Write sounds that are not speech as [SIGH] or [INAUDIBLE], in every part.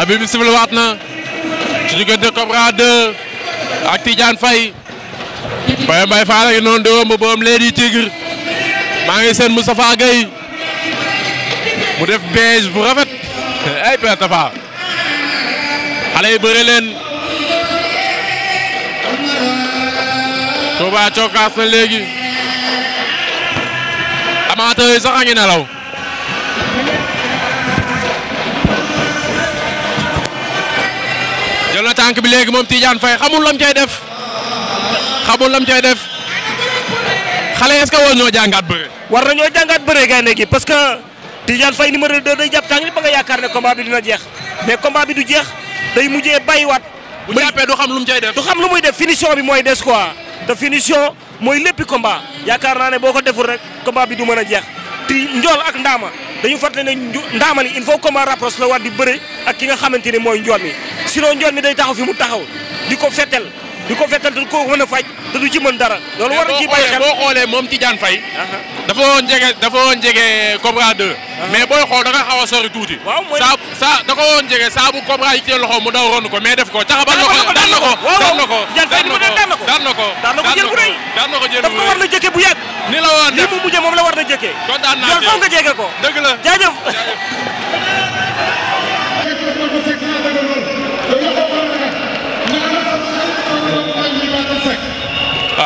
abi bi sifle waat na ci diggante Cobra 2 ak Tidiane Faye Baye Mbaye Fall a ngi noonu di womb Lady Tigre maa ngi seen Moustapha Gueye mu def beige bu rafet ay Père Tafa xale na léegi amaata yi sax a ngi tànk bi léegi moom Tidiane Faye xamul lam cay def xamul lam cay def xale est-ce que war ñoo jàngat bëre. war nañoo jàngat bëre gaynde gi parce que Tidiane Faye numéro 2 day jàpp tànk bi ba nga yaakaar ne combat bi dina jeex mais combat bi du jeex day mujjee bàyyiwaat. bu jàppee du xam lu mu cay xam lu muy def finition bi mooy des quoi te finition mooy léppi combat yaakaar naa ne boo ko deful rek combat bi du mën a jeex ti njool ak ndaama dañu fàttali ne ndaama li il faut combat rapproché la di bëre ak ki nga xamante ni mooy njool si sinon njoon mi day taxaw fi mu taxaw di ko fettel di ko fettel te ko mën a faj te du ci mën dara. loolu war na ci boo xoolee moom Tidiane Faye. dafa woon jege dafa woon jege Cobra 2. mais booy xool da nga xaw a sori tuuti. waaw mooy saa saa da ko woon saa bu Cobra yi ci loxo mu daw ron ko mais def ko caxabal na ko daan na ko daan na ko daan na ko daan na ko jël bu rëy bu rëy daf ko war na jëkkee bu yàgg. ni la woon def li mu mujjee moom la war na jëkkee. kontaan naa jege yow foog nga jege ko. dëgg la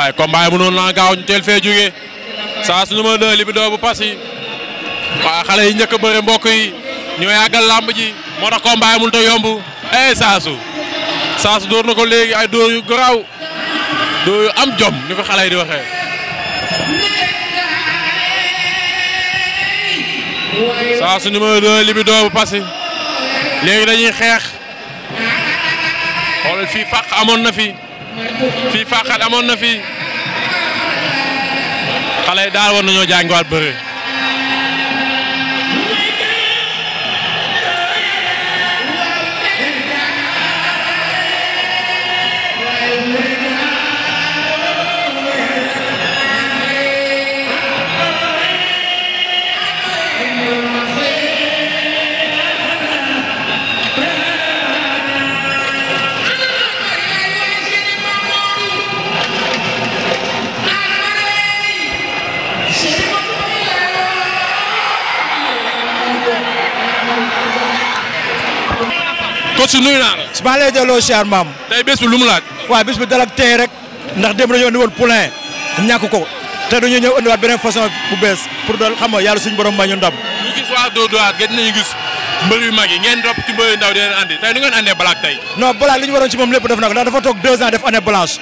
waay combat yi mënoon naa gaaw ñu teel fee jógee saa su numéro 2 Libido bu Passy waaw xale yi njëkk a bëre mbokk yi ñoo yàggal làmb ji moo tax combat yi yomb eh saasu saasu dóor na ko léegi ay dóor yu garaaw dóor am jom ni ko xale yi di waxee. saasu numéro 2 Libido bu Passy léegi dañuy xeex xoolal fii fàq amoon na fi. fii faaxaat amoon na fi xale daal war nañoo jàngiwaat bëre coach nuyu naa la. su ma lay maam. tey bés bi lu mu laaj. dalak tey rek. ndax démb dañoo woon poulain ñàkk ko te dañoo ñëw indiwaat beneen façon bu bees pour dal xam nga yàlla suñu borom ma ñu ndam. tey nu ngeen andee Black tey. non Black li ñu waroon ci moom lépp def na ndax dafa toog deux ans def année blanche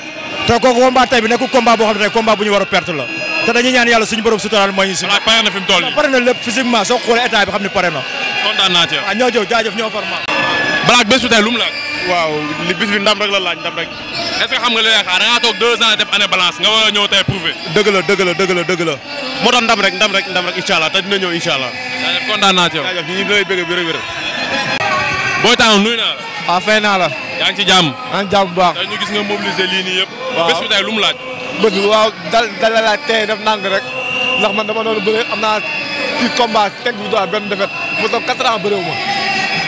te kooku combat tey bi nekkul combat boo xam ne tey combat bu ñu war a perte la te dañuy ñaan yàlla ñu si. pare na fi mu toll nii pare na lépp Black bés bi tey lu mu laaj. waaw li bis bi ndam rek la laaj ndam rek. est ce que xam nga li lay xaar da ngaa toog deux ans def année balance nga war a ñëw tey prouver. dëgg la dëgg la dëgg la dëgg la moo tax ndam rek ndam rek ndam rek incha allah te dina ñëw incha allah. jaajëf kontaan naa ci yow. jaajëf ñu ngi lay bëgg wér-wér. booy taw nuyu naa la. waaw ah, fay naa la. yaa ngi ci jàmm. yaa ngi jàmm bu baax. tey ñu gis nga mobiliser lii nii yëpp. waaw bés bi tey lu mu laaj. bët waaw dal dal la laaj tey def nang rek ndax man dama doon bëre am naa ci combat teg bi doon benn defet mu toog quatre ans bëréewu ma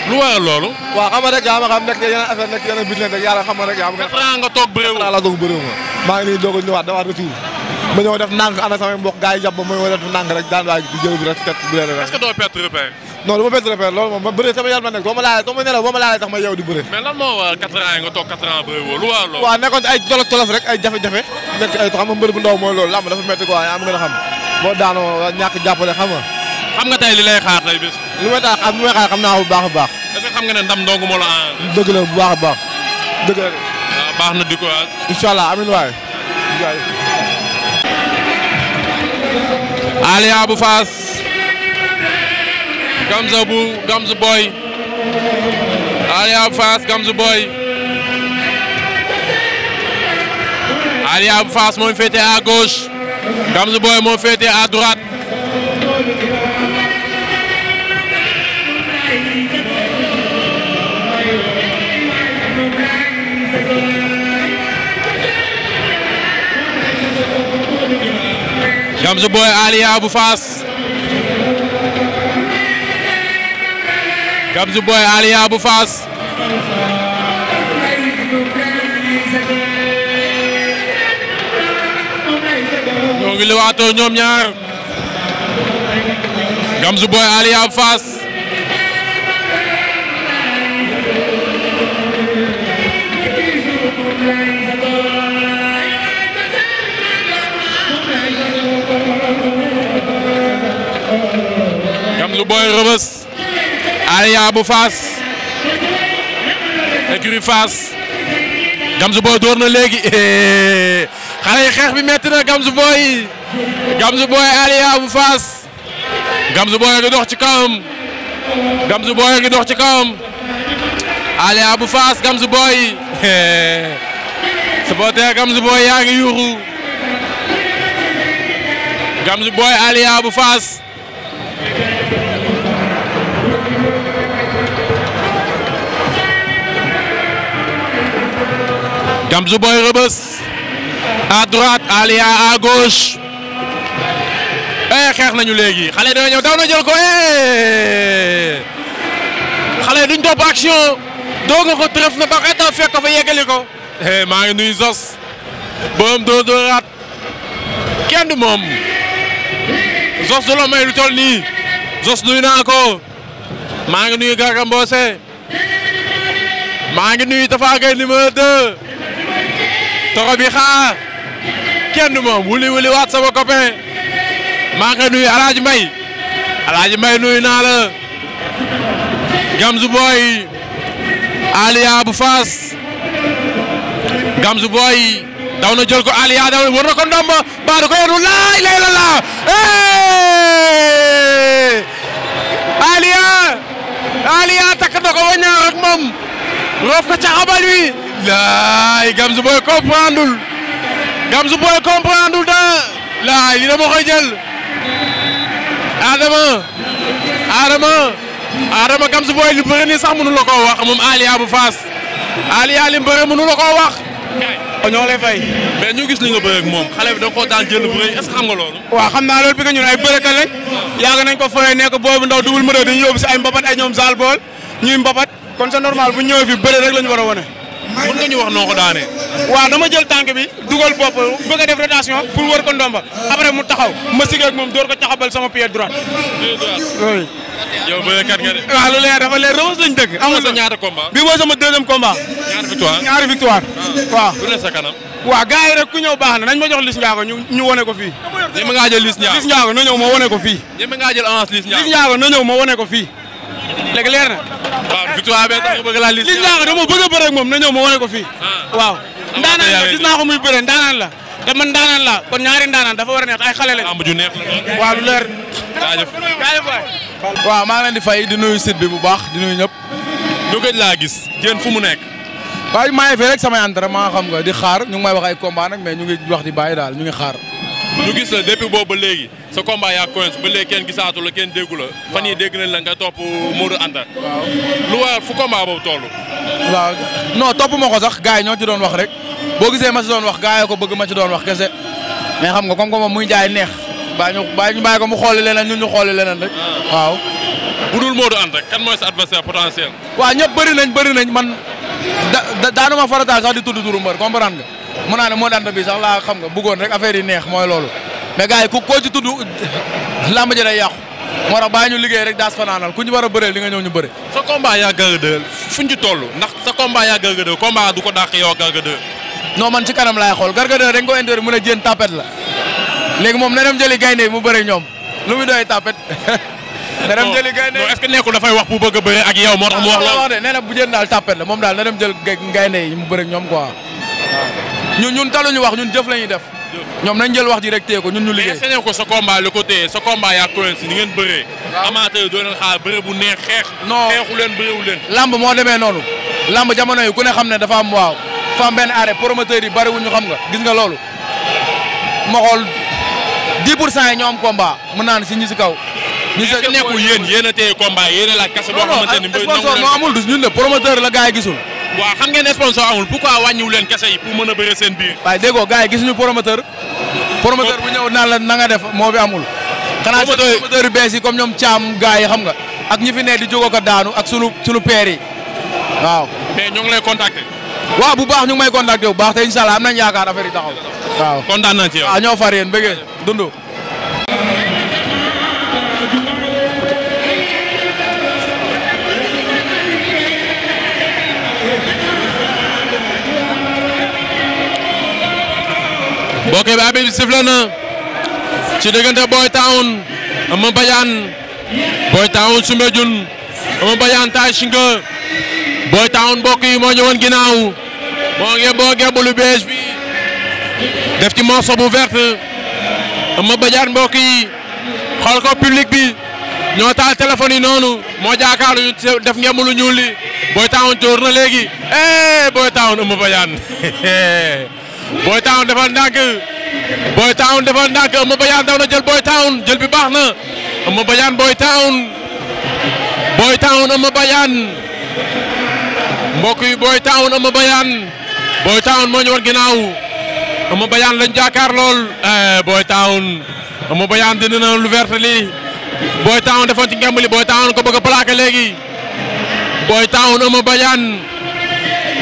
lu waral loolu. waaw xam nga rek yaa ma xam nekk yeneen affaire nekk yeneen bit rek yàlla xam nga rek yaa ma. nga nga toog bëriwul la doog bëriwul ma. maa ngi nii doog a ñëwaat dawaat retour ma ñëw def nànk ànd ak samay mbokk gars yi jàpp ma ma def nànk rek daan waay di jël bi rek tet bu leen est-ce que doo perte repère. non du ma perte repère loolu moom ma bëri sama yaram la nekk boo ma laalee boo ma nelaw boo ma laalee tax ma yeew di bëri. mais lan moo waral 4 ans yi nga toog 4 ans bëri woo lu waral loolu. waaw nekkoon ay tolof tolof rek ay jafe-jafe nekk ay xam nga mbër bu ndaw mooy loolu làmb dafa métti quoi yaa am nga xam boo daanoo ñàkk jàppale xam nga xam nga tey li lay xaar tey bés. li may tax ak li may xaar xam naa bu baax a baax. est-ce que xam nga ne ndam dong moo la. dëgg la bu baax a baax. dëgg la de. waaw ah, baax na di ko waay. incha allah amiin waay. Alioune bu Fass. Gamza bu Gamza Boy. Alioune bu Fass Gamza Boy. Alioune bu Fass mooy féete à gauche. Gamza Boy moo féete à droite. Samsu Boy Aliya bu Faas Gamsu Boy Aliya bu Faas ñoo ngi lewaatoo Faas bu booy rëbës Aliya bu Faas écurie Faas Gamsu Boy na léegi [LAUGHS] xale yi xeex bi metti na Gamsu Boy Gamsu Boy Aliya Faas Gamsu Boy ngi dox ci kawam Gamsu Boy ngi dox ci kawam Aliya bu Faas Gamsu Boy [LAUGHS] supporter Gamsu Boy yaa ngi yuuxu Gamsu Boy Aliya bu Faas Amzou Boy Rebeuss à droite Alia eh, xeex nañu léegi xale yi ñëw daw eh. xale yi duñ topp action doo nga eh, maa ngi nuyu Zos boom doo dooraat kenn du moom Zos du la lu toll nii Zos naa ko maa ngi nuy Garga Mbossé maa ngi nuy Tafa numéro 2. toro bi xaar kenn moom wuli wuli waat sama copain maa ngi koy nuyu El Hadj Mbaye El Hadj Mbaye nuyu naa la Gamzu Boy Aliya bu Faas Gamzu Boy daw na jël ko Aliya daw war na ko ndomba baa du ko yenu laay lay la laa Aliya Aliya takk na ko wañaar ak moom roof ko ca xabal wi laay Gamza Boy comprendre Gamza Boy comprendre daa laay li dama koy jël Adama Adama Adama Gamza Boy li bëri nii sax mënu la koo wax moom Aliya bu Faas Aliya li bëri mënu la koo wax. ñoo lay fay. mais ñu gis li nga bëre moom xale bi da koo daan jël bu rëy est xam nga loolu. waaw xam naa loolu bi nga ñun ay bërëkat lañ yàgg nañ ko fooyee nekk booy bu ndaw double moteur dañuy yóbbu si ay mbapat ay ñoom zaal bool ñuy mbapat kon c'est normal bu ñëwee fi bëre rek la ñu war a wane. waa nga ñu wax noo ko daanee. waaw dama jël tànk bi dugal bopp bëgg a def rotation pour wër ko ndomba après mu taxaw ma sigg moom door ko caxabal sama pied droit. oui. yow bëreekat nga de. waaw lu leer dafa leer rëbës lañ dëgg. amul bi mooy sama deuxième combat. ñaari victoire waa victoire. Ah. waaw bu sa kanam. waaw gars yi rek ku ñëw baax na nañ ma jox Liss Ndiago ñu ñu wane ko fii. ñeme ngaa jël na ñëw ma wane ko fii. ñeme ngaa jël avance Liss na ñëw ma wane ko fii. léegi leer na. waaw victoire bee tax nga ko dama moom na ñëw ma wane ko fii. Ah. waaw ndaanaan la gis naa ko muy bëre ndaanaan la. te man ndaanaan la kon ñaari ndaanaan dafa war a neex ay xale lañ. lamb ju neex la. waaw lu leer. jaajëf jaajëf waay. waaw maa ngi leen di fay di nuyu site bi bu baax di nuyu ñëpp. ñu gëj laa gis jéen fu mu nekk. waaye maa ngi fi rek samay entraînement xam nga di xaar ñu ngi may wax ay combat nag mais ñu ngi wax di bàyyi daal ñu ngi xaar ñu gis la depuis boobu ba léegi sa combat yaa Quench ba léegi kenn gisaatu la kenn déggu la fan yii dégg nañ la nga topp Modou anda lu waral fu combat boobu toll. waaw non topp ma ko sax gars yi ñoo ci doon wax rek boo gisee ma ci doon wax gars yi ko bëgg ma ci doon wax kese mais xam nga comme que moom muy jaay neex baa ñu baa ñu bàyyi ko mu xooli leneen ñun ñu xooli leneen rek. Ah. waaw. bu dul Modou Anta kan mooy sa adversaire potentiel. waaw ñëpp bëri nañ bëri nañ man da daanu ma farataal sax di tudd turu mbër comprendre nga. mun naa ne moo daan bi sax laa xam nga bëggoon rek affaire yi neex mooy loolu mais gars yi ku koo ci tudd làmb ji day yàqu moo tax bàyyi ñu liggéey rek daas fanaanal ku ñu war a bëree li nga ñëw ñu bëre sa combat yaa Garga 2 fuñ ci toll ndax sa combat yaa Garga 2 du ko dàq yow Garga 2 non man ci kanam laay xool Garga 2 dañ ko intérêt mu ne jën tapet la léegi moom na dem jëli gaynde mu bëre ñoom lu muy doy tapet [LAUGHS] na dem jëli gaynde est-ce wax bu bëgg yow moo tax mu wax ah, la wax bu jën daal tapet la moom daal na dem jël gaynde yi mu bëre ñoom quoi ñun ñun taluñu wax ñun jëf la ñuy def. ñoom nañ jël wax ji rek téye ko ñun ñu liggéey. mais ko sa combat la ko téye sa combat yaa Quench ni ngeen bëree. waaw amateur doo leen xaar bëre bu neex xeex. non xeexu leen bëreewu leen. lamb moo demee noonu. lamb jamono yi ku ne xam ne dafa am waaw dafa am benn arrêt promoteur yi bari wuñu xam nga gis nga loolu ma xool 10 pour cent yi ñoo am combat naan naa ne si ñi si kaw. ñu seetlu nekkul yéen yéen a téye combat yéen a laaj kese boo xamante ni. non non de la gars yi gisul waaw xam ngeen sponsor amul pourquoi wàññiwu leen kese yi pour mën a bëre seen biir. waaye déggoo gars yi gis ñu promoteur. promoteur bu ñëw naan la na def moo fi amul. xanaa si promoteur yu bees yi comme ñoom caam gars yi xam nga ak ñi fi ne di jógoo ko daanu ak sunu sunu père yi waaw. mais ñoo ngi lay contacter. waa bu baax ñu ngi may contacter bu baax te incha am nañ yaakaar affaire yi taxaw. waaw kontaan naa ci yow. waaw ah, ñoo far yéen bëggee dund. mbokk yi abi bi sifle na ci diggante Boy Town Eumeu Badiane Boy Town Soumbédioune Eumeu Badiane Taïsinga Boy yi moo ñëwoon ginnaaw moo ngi bees bi def ci morceau bu vert Eumeu Badiane mbokk yi xool ko public bi ñoo taal téléphone yi noonu moo jaakaar ñu def ngemb lu ñuul li Boy Town door na léegi eh, [LAUGHS] Boy Town defal ndànk Boy Town defal ndànk Eumeu Badiane daw na jël Boy Town jël bi baax na Eumeu Badiane Boy Town Boy Town Eumeu Badiane mbokk yi Boy Town Eumeu Badiane Boy Town moo ñu ginaaw ginnaaw Eumeu Badiane lañ jaakaar lool eh, Boy Town Eumeu Badiane dina lu vert li Boy Town defoon ci ngembali Boy Town ko bëgg a plaqué léegi Boy Town Eumeu Badiane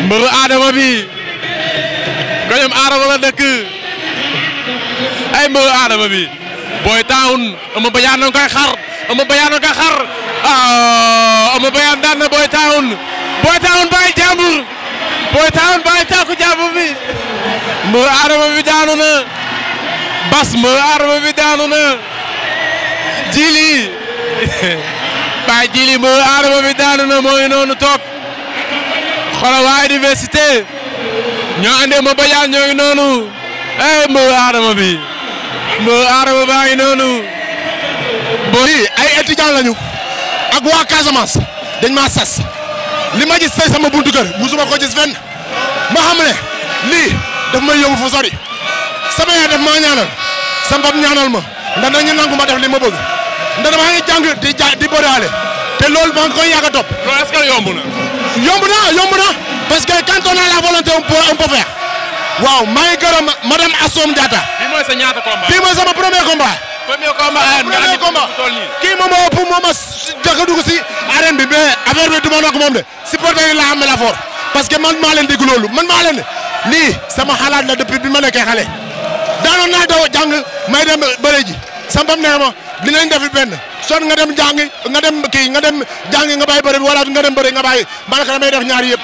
mbëru Adama bi koñom aadama la dëkk ay mbëru aadama bi booy taawun ama bayaan na koy xar ama bayaan na koy xar ama ah, bayaan daan na booy taawun booy taawun bàyyi jàmbur booy taawun bàyyi càkku jàmbur bi mbëru aadama bi daanu na bas mbëru aadama bi daanu na jili [LAUGHS] bàyyi jili mbëru aadama bi daanu na mooy noonu toog xoolal waa université ñoo ande ma bajaan noonu eh mbëru aadama bi mbëru aadama baa ngi noonu. boo ay étudiants lañu ak waa Casamance dañ maa sas li ma gis tey sama buntu kër musuma ko gis fenn ma xam ne lii daf may yóbbu fu sama yaay daf maa ñaanal sama bopp ñaanal ma ndax dañu nangu ma def li ma bëgg ndax dama ngi di ja te loolu maa ngi koy yàgg to topp. loolu na. yomb na yomb na. parce que quand a la volonté on peut on peut faire waaw maa ngi gërëm sa ñaata premier combat. Ah, kii moom moo ëpp moom a jëkk si arène bi mais affaire bi du ma moom de supporter yi laa amee la fort parce que man maa leen dégg loolu man maa leen lii sama xalaat la depuis bi ma nekkee xale daanoon naa daw jàng may dem bëre ji nee ma dinañ defi benn son nga dem jàngi nga dem kii nga dem jàngi nga bàyyi bëri wala nga dem bëri nga bàyyi man nag damay def ñaari yëpp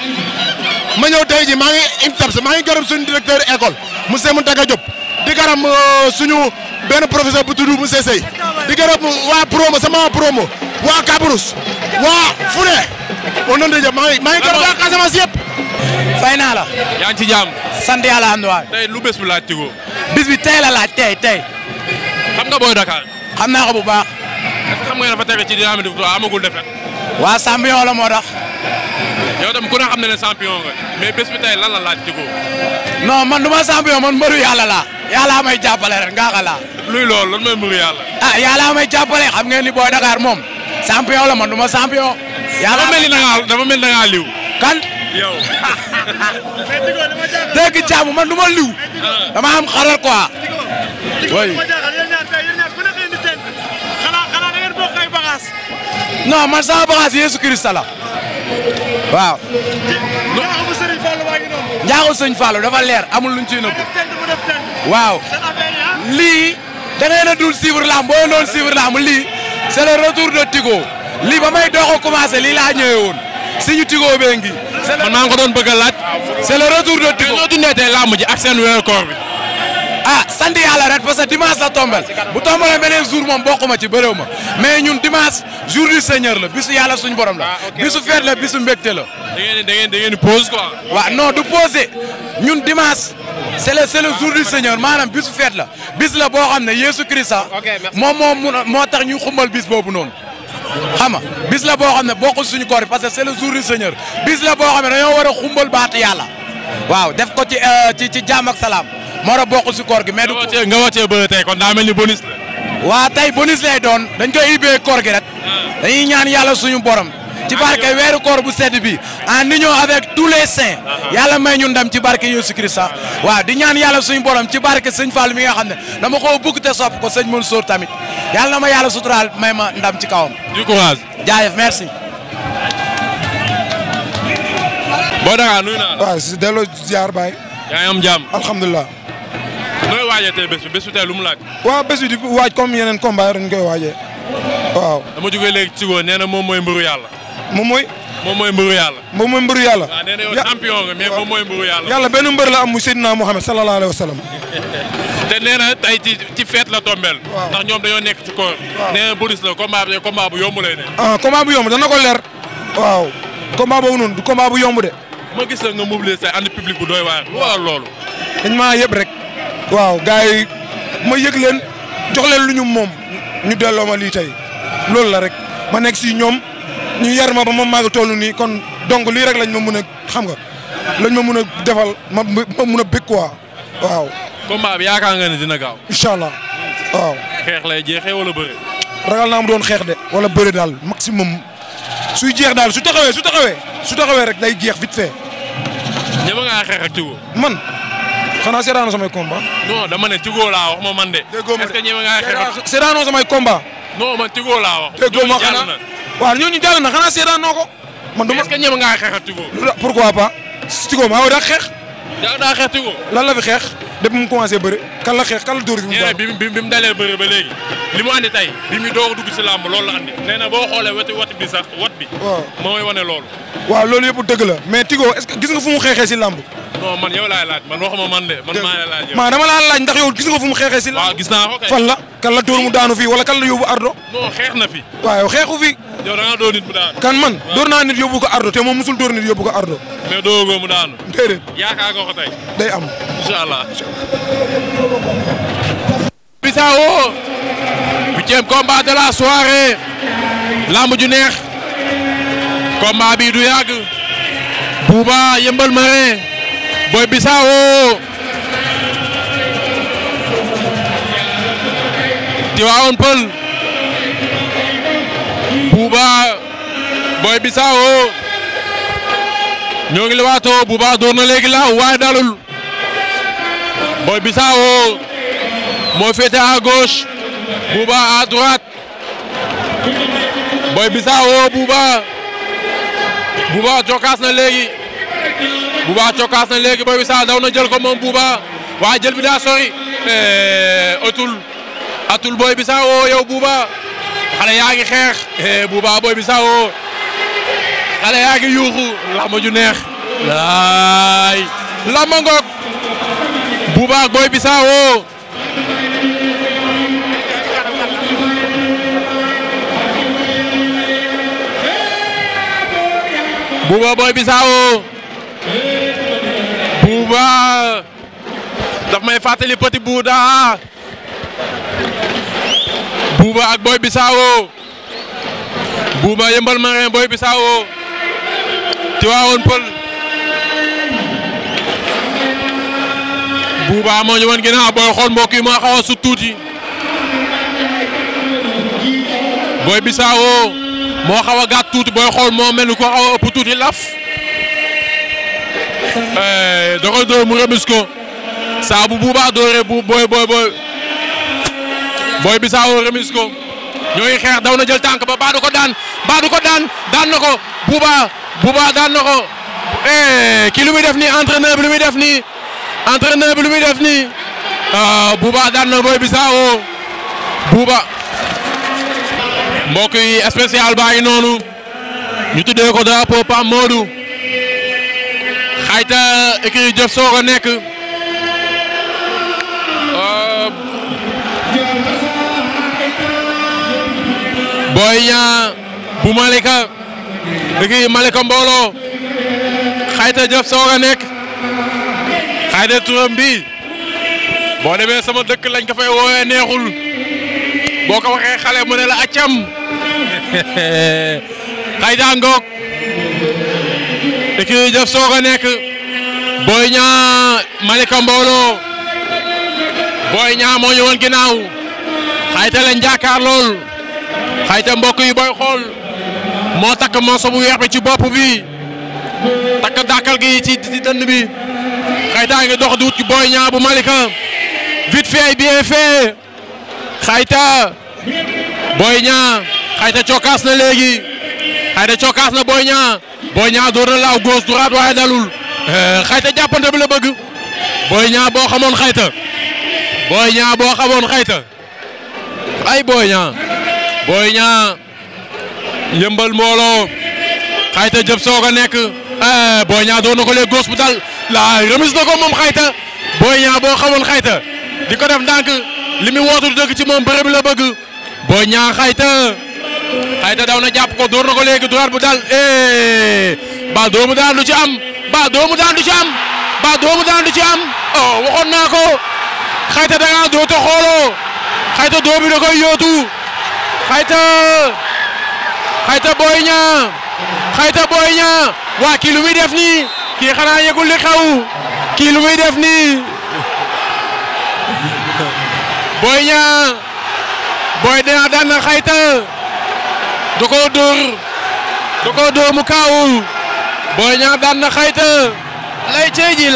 ma ñëw tey ji maa ngi INSEPS maa ngi gërëm suñu directeur école mu Mountaga Diop di gërëm euh, suñu benn professeur bu tudd monsieur Sey di gërëm waa promo sama promo waa Kabrous waa Fune on en déjà maa ngi maa ngi gërëm waa Casamance yëpp. fay naa la. yaa ngi ci jàmm. sant yàlla am na waay. lu bés bu laaj Tigo. bis bi tey la laaj tey tey. xam nga booy Dakar. xam naa ka bu baax. xam nga dafa tege ci dynamique de victoire amagul defet. waa champion la moo tax. yow tam ku ne na ne champion nga mais lan la laaj ci ko. non man du ma champion man mbëru yàlla laa. yàlla may jàppale rek ngaa xa laa. luy loolu lan mooy mbëru yàlla. ah yàlla may jàppale xam ngeen ni booy Dakar moom. champion la man du ma champion. yàlla dafa mel ni da ngaa dafa mel ni da liw. kan. yow. dégg man du ma liw. Ah. dama am xaral quoi. oui. non man sama bagage Yeesu Kirista la waaw. njaaxu sëñ Fallou waa ngi dafa leer amul luñ ciy nëbbu. waaw. lii da ngay na dul suivre lamb boo doon suivre lamb lii c'est le retour de lii ba may doog a commencé lii laa ñëwee woon suñu Tigo bee ngi. man maa ngi ko doon bëgg a laaj. c'est le retour de Tigo. mais ñoo dundee tey lamb ji ak koor bi. ah sant yàlla rek parce que dimanche la tombel bu tombalee beneen jour moom bokkuma ci bëréew ma mais ñun dimanche jour du seigneur la bisu yàlla suñu borom la ah, bisu feet la bisu mbégte la. da ngeen da ngeen da ngeen pause quoi. waaw du poser ñun dimanche c' est le c' est le jour du maanaam bisu feet la bis la boo xam ne Yeesu Krista moom moom moo tax ñu xumbal bis boobu noonu. xam nga bis la boo xam ne bokkul suñu koor parce que c' est le jour du seigneur bis la boo xam ne dañoo war a xumbal baatu yàlla waaw def ko ci euh, ci ci jàmm ak salaam. moo tax bokk si koor gi mais. du nga wàccee ba tey kon daa mel ni bonus waa tey bonus lay doon dañ koy ubbee koor gi rek. Ah. dañuy ñaan yàlla suñu borom. ci ah, barke weer koor bu sedd bi en union avec tous les saints ah, yàlla may ñu ndam ci barke Yesu Christa waaw di ñaan yàlla suñu borom ci barke sëñ Fall mi nga xam ne dama koo bëgg te sopp ko sëñ Mansour tamit yàlla na ma yàlla suturaal may ma ndam ci kawam. du courage. jaajëf merci. boo da ngaa nuyu yaa am jàmm alhamdulilah. waajee tey bés bi bésu tey lu mu laaj. waaw bés bi di waaj comme yeneen combat yi ñu koy waajee waaw. dama jógee léegi Tigo nee na moom mooy mbëru yàlla. moom mooy. moom mooy mbëru na yow la am muy Seydina Mohamed sallallahu alayhi wa sallam. [LAUGHS] te nee na tey ci ci fête la tombeel. waaw ndax ñoom dañoo nekk ci koor. waaw la combat bi combat bu yomb lay ne. ah combat bu yomb dana ko waaw combat boobu noonu du combat ma gis nga nga mobiliser ànd public bu doy waar. lu waral loolu. dañ waaw gars yi ma yëg leen jox leen lu ñu moom ñu delloo ma lii tey loolu la rek ma nekk si ñoom ñu yar ma ba ma màgg toll nii kon donc lii rek lañ ma mën a xam nga lañ ma mun a defal ma ma mën a bëgg quoi waaw. combat bi yaakaar nga ne dina gaaw. incha allah waaw. xeex lay jeexee wala bëre. ragal naa mu doon xeex de. wala bëre daal maximum suy jeex daal su taxawee su taxawee su taxawee rek lay jeex vite fait. ñëw nga xeex ak Tigo. man. xanaa seetaanoo samay combat. non dama ne Tigo laa wax ma man de. déggoo ma samay combat. non man Tigo laa wax. déggoo ma xanaa waaw ñooñu jàll na xanaa seetaanoo ko. man du ma est-ce que ñeme nga xeexal Tigo. pourquoi pas Tigo maa ngi daa xeex. yaa daa xeex Tigo. lan la fi xeex depuis mu commencé bëri kan la xeex kan la dóor gi. ñu bi bi bi mu dalee bëri ba léegi li mu andi tey bi mu doog a dugg si làmb loolu la andi. nee boo xoolee wetu wat bi sax wat bi. waaw mooy wane loolu. waaw loolu yëpp dëgg la mais Tigo est-ce gis nga fu mu xeexee si làmb non man yow laay laaj man waxuma man de man maa la laaj yow. maa dama laa laaj ndax yow gis fu mu xeexee si. waaw gis naa mu daanu fii wala kan la yóbbu ardo. waaye xeex na fi. xeexu fi. kan man dóor naa nit yóbbu ko ardo te moom musul dóor nit yóbbu ko ardo. mais am incha allah. Bissau huitième combat de la soirée. lamb ju neex. combat bi du yàgg. Bouba yëmbal marin. Boy Bissau Tivaouane Peulh Bouba Boy Bissau ñoo ngi lewaatoo Bouba door na léegi la waaye dalul Boy Bissau moo féete à gauche Bouba à droite Boy Bissau Bouba Bouba jokkaas na léegi Bouba cokaas na léegi Boy Wissal daw na jël ko moom Bouba waaye jël bi daa sori eh, atul atul Boy Wissal woo oh, yow Bouba xale yaa ngi xeex eh, Bouba Boy Wissal woo oh. xale yaa yuuxu làmb ju neex laay làmb ngoog Bouba Boy Wissal woo oh. waaw daf may fàttali petit buuda buuba ak boy bisaawo buuba yëmbal marin boy bisaawo ci waawoon pël buuba moo ñu woon ginnaaw booy xool mbokk moo xaw sut tuuti boy bisaawo moo xaw a tuuti booy xool moo mel ni ko xaw a ëpp tuuti laf da koy dóor mu saabu bu baax dóoree bu booy booy booy booy bi saawoo ñooy xeex daw na jël tànk ba baadu ko daan baadu ko daan daan na ko bu baax bu daan na ko eh, kii lu muy def nii entraîneur bi lu muy def nii entraîneur bi lu muy def nii bu ah, baax daan na booy bi saawoo bu baax mbokk yi noonu ñu tuddee ko drapeau Pape Modou ayta écurie Diop Sogo nekk euh, Boy Niang bu Malika écurie Malika mbooloo xayta Diop Sogo nekk xayta turam boo demee sama dëkk lañ ko fay woowee neexul boo ko waxee xale mu ne la accam xayta [LAUGHS] ngoog écurie Diop Sogo nekk Boy Niang Malika Mbolo Boy Niang moo ñu ginnaaw xayta lañ jàkkaar lool xayta mbokk yi booy xool moo takk moso bu weex bi ci bopp bi takk dàkkal gi ci ci dënn bi xayta ngi dox di wut ci Boy Niang bu Malika vite fait bien fait xayta Boy Niang xayta cokaas na léegi xayta cokaas na Boy Niang Boy Niang door na laaw gauche droite waaye dalul Eh, xayta jàppante bi la bëgg booy ñaa boo xamoon xayta booy ñaa boo xamoon xayta ay booy ñaa booy ñaa yëmbal mbooloo xayta jëf soog a nekk eh, booy ñaa doon na ko léegi góos bu dal la remise ko moom xayta booy ñaa boo xamoon xayta di ko def ndànk li mu wootu dëgg ci moom bëre la bëgg booy ñaa xayta xayta daw na jàpp ko dóor na ko léegi droit bu dal eh, bal doomu daal ci am ba doomu daan du ci am ba doomu daan du ci am oh ko xayta da ngaa doota xayta doomi da yootu xayta booy ñaa xayta booy ñaa waa kii lu muy def nii kii xanaa yëgul li xew def nii booy ñaa booy daan na xayta da koo dóor da kaawu Boy Niang daan na xayta lay cee ji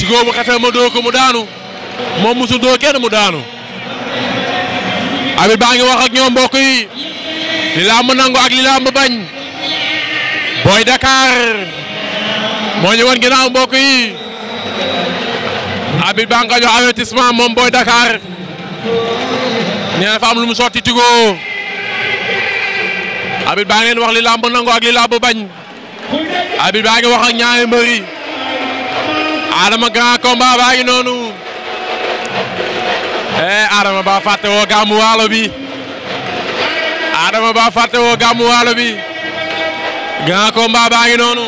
Tigo bu xefee ma doo ko mu daanu moom mosul doo mu daanu abit baa ngi wax ak ñoom mbokk yi li làmb nangu ak li làmb bañ Boy Dakar moo ñu wan ginnaaw yi abit baa nga jox avertissement moom Boy Dakar nee na lu mu sotti Tigo abit baa ngeen wax li làmb nangu ak li làmb bañ abi baa ngi wax ak ñaari mbër Adama grand combat baa ngi noonu eh Adama ba fàtte woo gàmmu waalo bi Adama ba fàtte baa ngi noonu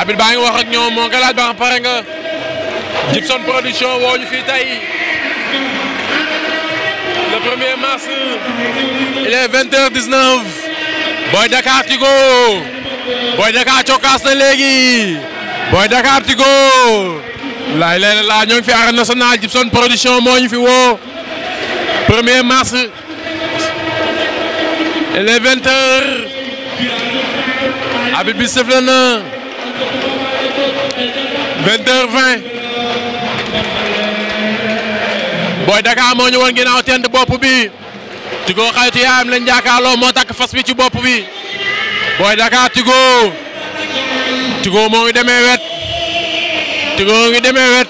abit baa ngi wax ñoom moo ngi laaj ba pare nga Djibson production woo ñu fii 1er mars il est 20 h Boy Dakar Tigo Boy Dakar cokkaas na léegi Boy Dakar Tigo laay leen laa ñoo ngi fi arène nationale Djibson production moo ñu fi woo 1 mars il est 20h arbitre bi sifflé na Boy Dakar moo ñu woon ginnaaw tent bopp bi Tigo xaytu yaayam lañ jàkkaarloo moo takk fas bi ci bopp bi Boy Dakar Tigo Tigo moo ngi demee wet Tigo ngi demee wet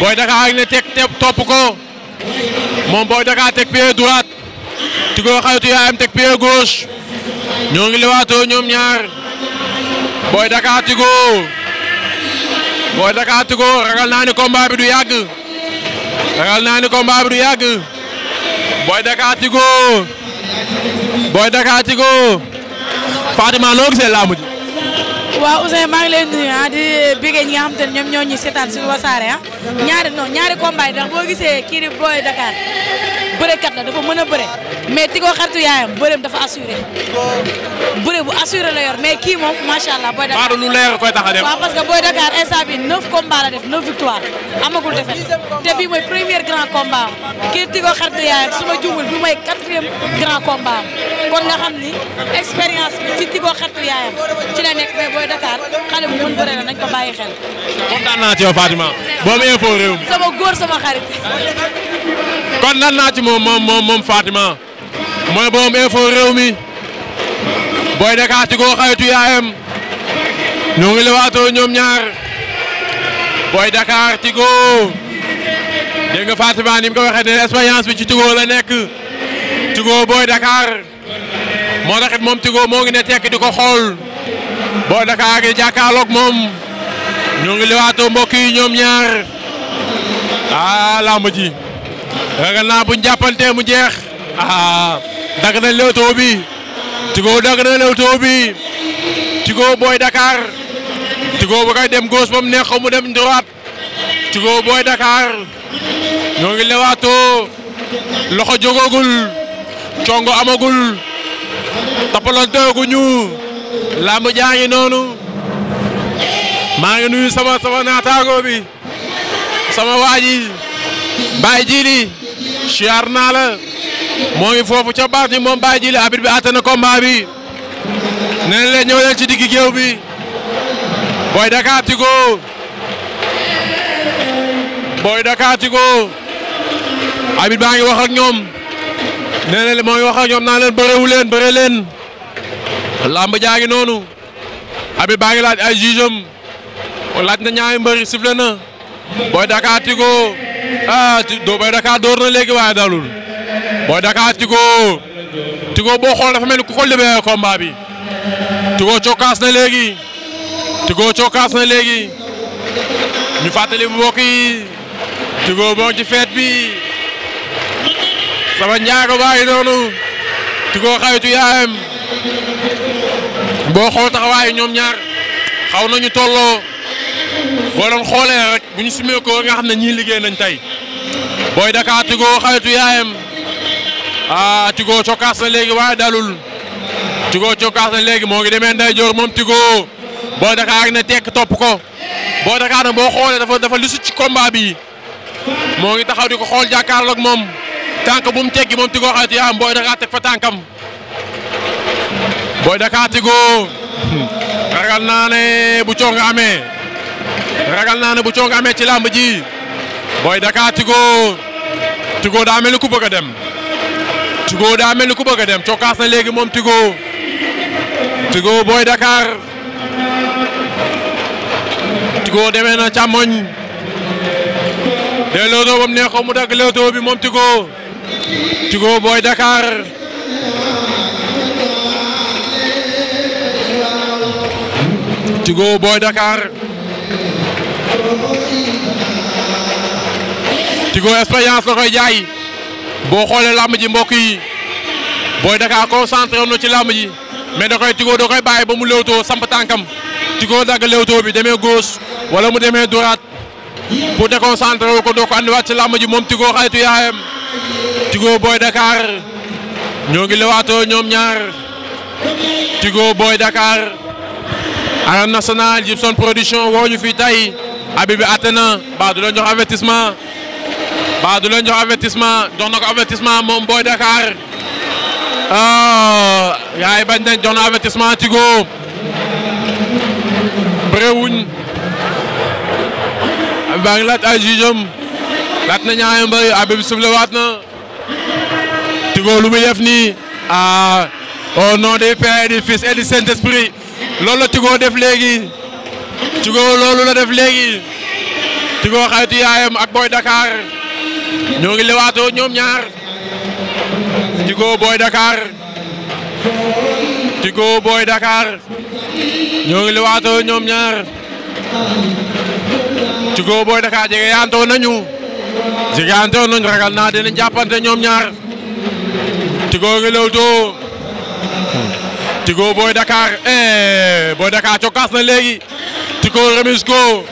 Boy Dakar ne teg topp ko moom Boy Dakar teg pied droite Tigo xaytu yaayam teg pied gauche ñoo ngi lewaatoo ñoom ñaar Boy Dakar Tigo ragal naa ni combat bi du yàgg. ragal naa ni combat bi du yàgg Boy Dakar Tigo Boy Dakar Tigo Fatima noo gisee laamu ji. waaw Ousseyn maa ngi lay nuyu ah di bëggee ñi nga ñoom ñoo ñuy seetaan suñu wasaare ah ñaari non ñaari combat yi boo gisee kii di Boy bërekat la dafa mën a bëre mais Tigo xaritu yaayam bëreem dafa assuré bëre bu assuré la yor mais kii moom macha allah. booy Dakar lu leer koy tax a def. parce que booy Dakar instant bi neuf combat la def neuf victoire amagul defet te bii mooy premier grand combat am kii Tigo xaritu yaayam su ma juumul bi mooy quatrième grand combat am kon nga xam ni expérience bi Tigo xaritu yaayam ci la nekk mais booy Dakar xale bu mën bëre la nañ ko bàyyi xel. kontaan naa ci yow Fatima. boo moom moom moom Fatima mooy borom info réew mi booy Dakar ci koo xaytu yaayam ñoo ngi lewaatoo ñoom ñaar booy Dakar ci koo dégg nga Fatima ni mu ko waxee ne expérience bi ci Tigo la nekk Tigo booy Dakar moo taxit moom Tigo moo ngi ne tekk di ko xool booy Dakar gi jàkkaarloog moom ñoo ngi lewaatoo mbokk yi ñoom ñaar ah làmb ji. ragal naa bu jàppantee mu jeex ah dagg na Leewtoo bi Tigo dagg na Leewtoo bi Tigo Boy Dakar Tigo ba koy dem gauche ba mu neex ko mu dem droite Tigo Boy Dakar ñoo ngi lewaatoo loxo jógagul congo amagul tapalantooguñu làmb jaa ngi noonu maa ngi nuyu sama sama naataango bi sama waa ji siyaar naa la moo ngi foofu ca baat ni moom bàyyi ji la abit bi àtte na combat bi nee leen ci diggi géew bi Boy Dakar Tigo Boy Dakar Tigo abit baa ngi wax ak ñoom nee leen moo ngi wax ñoom naa leen bërewu leen bëre leen làmb noonu abit baa ngi laaj ay jugeem laaj na ñaari mbëri sifle na Boy Dakar Tigo ah doo Boy Dakar door na léegi waaye dalul Boy Dakar Tigo Tigo boo xool dafa mel ku ko libéré combat bi Tigo cokkaas na léegi Tigo cokkaas na léegi ñu fàttali mbokk yi Tigo boo ci feet bi sama njaago noonu Tigo xaytu yaayam boo xool taxawaayu ñoom ñaar xaw nañu tolloo. boo doon xoolee rek bu ñu sumee ko nga xam ne ñii liggéey nañ tey booy Dakar Tigo xaritu yaayam ah Tigo cokkaas na léegi waaye dalul Tigo cokkaas na léegi moo ngi demee nday joor moom Tigo booy Dakar rek ne tekk top ko booy Dakar nag boo xoolee dafa dafa lisu ci combat bi moo ngi taxaw di ko xool jàkkaarloog moom tànk bu mu teggi moom Tigo xaritu yaayam booy Dakar teg fa tànkam booy Dakar Tigo [LAUGHS] ragal naa ne bu coow nga ragal naa ne bu coog amee ci làmb ji Boy Dakar Tigo Tigo daa mel ni ku bëgg a dem Tigo daa mel ni ku bëgg dem cokkaas na léegi moom Tigo Tigo Boy Dakar Tigo demee na càmmoñ de lootoo ba mu neexoo mu dagg lootoo bi moom Tigo Tigo Boy Dakar Tigo Boy Dakar Tigo expérience la koy jaay boo xoolee làmb ji mbokk yi Boy Dakar concentré woon ci làmb ji mais da koy Tigo da koy bàyyi ba mu léwtoo samp tànkam Tigo dagg léwtoo bi demee gauche wala mu demee droite pour déconcentré wu ko doo ko andiwaat ci làmb ji moom Tigo xaytu yaayam Tigo Boy Dakar ñoo ngi lewaatoo ñoom ñaar Tigo Boy Dakar Arène Nationale Production woo ñu fii tey abi bi àtte leen jox avertissement ba du leen jox avertissement jox na ko avertissement moom Boy Dakar ah, yaay bañ nañ jox na avertissement Tigo bëre wuñ baa ngi laaj ay jugeem laaj na ñaari mbër abi bi sufle na Tigo lu muy def nii ah, au nom du Père du Fils et du Saint-Esprit loolu la def léegi Tigo loolu la def léegi Tigo xaritu yaayam ak Boy Dakar ñoo ngi lewaatoo ñoom ñaar Tigo Boy Dakar Tigo Boy Dakar ñoo ngi lewaatoo ñoom ñaar Tigo Boy Dakar jege yaantoo nañu jege yaantoo ragal naa dinañ jàppante ñoom ñaar Tigo ngi lewtoo Tigo Boy Dakar eh Boy Dakar cokkaas na léegi. yëkkati ko remise ko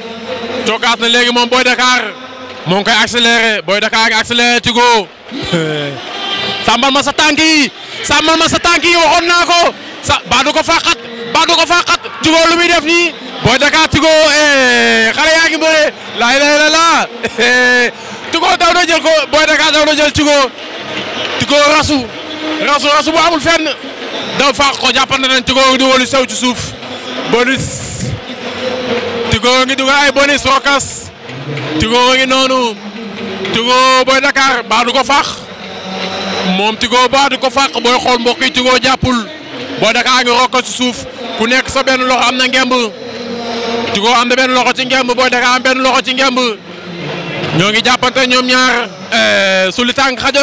cokkaat na léegi moom Boy Dakar moo ngi koy accéléré Boy Dakar accéléré Tigo sàmmal [LAUGHS] ma sa tànk yi sàmmal ma sa tànk yi waxoon naa ko sa baadu ko faaxat baadu ko faaxat Tigo lu muy def nii Boy Dakar Tigo eh, xale yaa ngi bëre laay laay la laa [LAUGHS] Tigo daw na jël ko Boy Dakar daw na jël Tigo Tigo rasu rasu rasu bu amul fenn daw faax ko jàppante nañ Tigo di wolu sew ci suuf Tigo ngi dugal ay boni sookas Tigo ngi noonu Tigo booy Dakar baa ko faax moom Tigo baa du ko faax booy xool mbokk yi Tigo jàppul booy Dakar ngi rokko ci suuf ku nekk sa benn loxo am na ngemb Tigo am na benn loxo ci ngemb booy Dakar loxo ci ngemb ñoo ngi jàppante ñoom ñaar eh, su li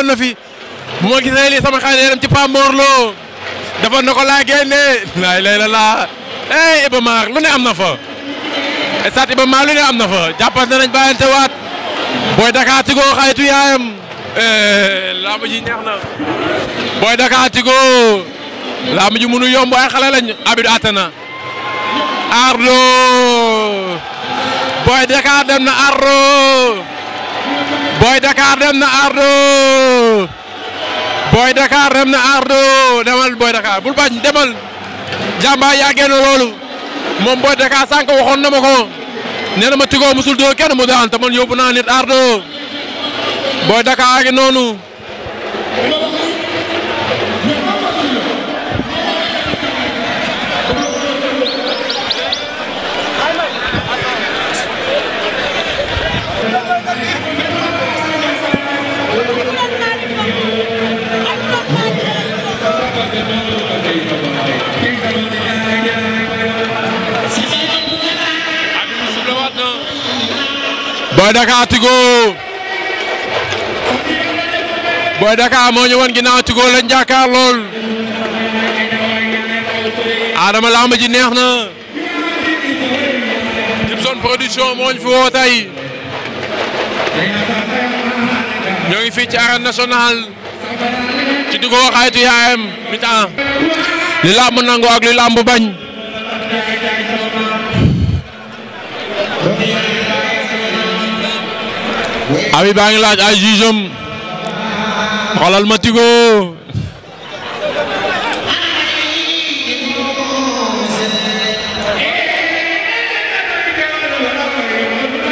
na fi bu ma gisee lii sama xel dem ci Pape Mor dafa na ko laa génnee laay lay la laa ey eh, lu ne am na fa stade Iba Mar lu ne am na fa jàppante nañ bàyyante waat Boy Dakar Tigo xaytu yaayam eh, lamb ji neex na Boy Dakar Tigo lamb ji mënu yomb ay xale lañ abid atana Ardo Boy Dakar dem na Ardo Boy Dakar dem na Ardo demal Boy Dakar bul demal jàmbaar yàggee na loolu moom booy Dakar sànq waxoon na ma ko nee na ma Tigo musul doo kenn mu daan te man yóbbu naa nit ardo Boy Dakar a ngi noonu. Boy Dakar Tigo Boy Dakar moo ñëwoon ginnaaw Tigo lañ jàkkaar lool Adama lamb ji neex na Djibson production moo fi woo tey ñoo ngi fii ci arène nationale ci Tigo yaayam mi temps li lamb nangu ak li lamb bañ abi baa ngi laaj ay jugeem xoolal ma Tigo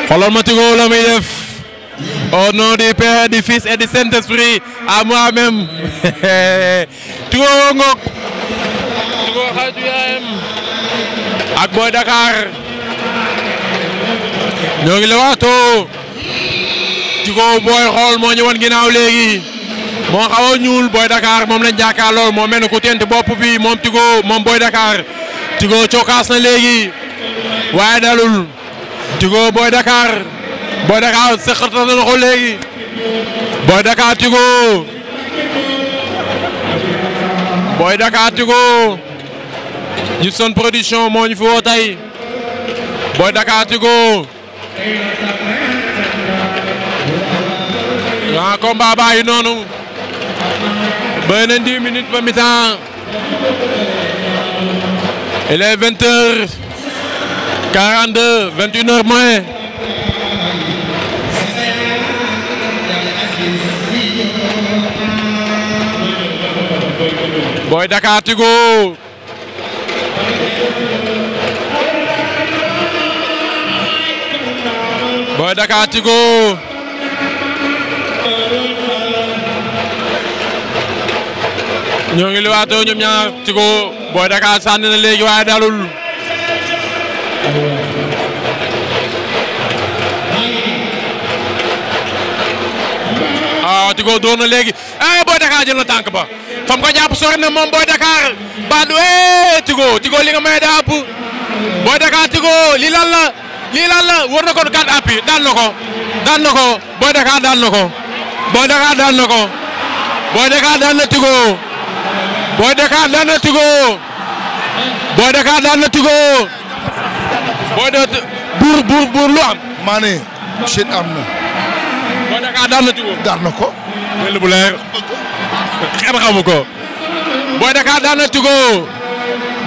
xoolal la muy def au nom du Père du Fils et du Saint-Esprit à moi-même [LAUGHS] Tigo woo ngoog Tigo xaaju ak Boy Dakar ñoo ngi Djiko booy xool moo wan ginnaaw léegi moo xaw ñuul booy Dakar moom lañ jàkkaar lool moo mel ne ku tent bopp bi moom Djiko moom booy Dakar Djiko cokaas na léegi waaye dalul Djiko booy Dakar booy Dakar sëqatal na production moo ñu fi woo tey booy Dakar Djiko grand combat baa yi noonu bëri na 10 minutes ba mi-temps il est 20 heures 42 21 heures moins Boy Dakar Tigo Boy Dakar Tigo ñoo ngi liwaatoo ñoom ñaar Tigo Boy Dakar sànni na waaye dalul. waaw ah, Tigo dóor na léegi eh, Boy Dakar jël na tànk ba fam ko jàpp sori na moom Boy Dakar baadu eh Tigo Tigo li nga may daa ëpp Boy Dakar Tigo lii lan la lii lan la wër na ko gàtt appui daan na ko daan na Boy Dakar daan na Boy Dakar daan na Boy Dakar daan na Tigo. Boy Dakar daan na Tigo Boy Dakar daan na Tigo Boy de lu am. maa ne Chine am na. Boy Dakar daan na Tigo. daan ko. jël bu leer xel xamu Boy Dakar daan na Tigo.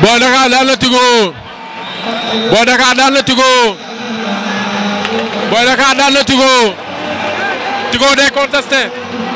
Boy Dakar daan na Tigo. Boy Dakar daan na Tigo. Boy Dakar daan na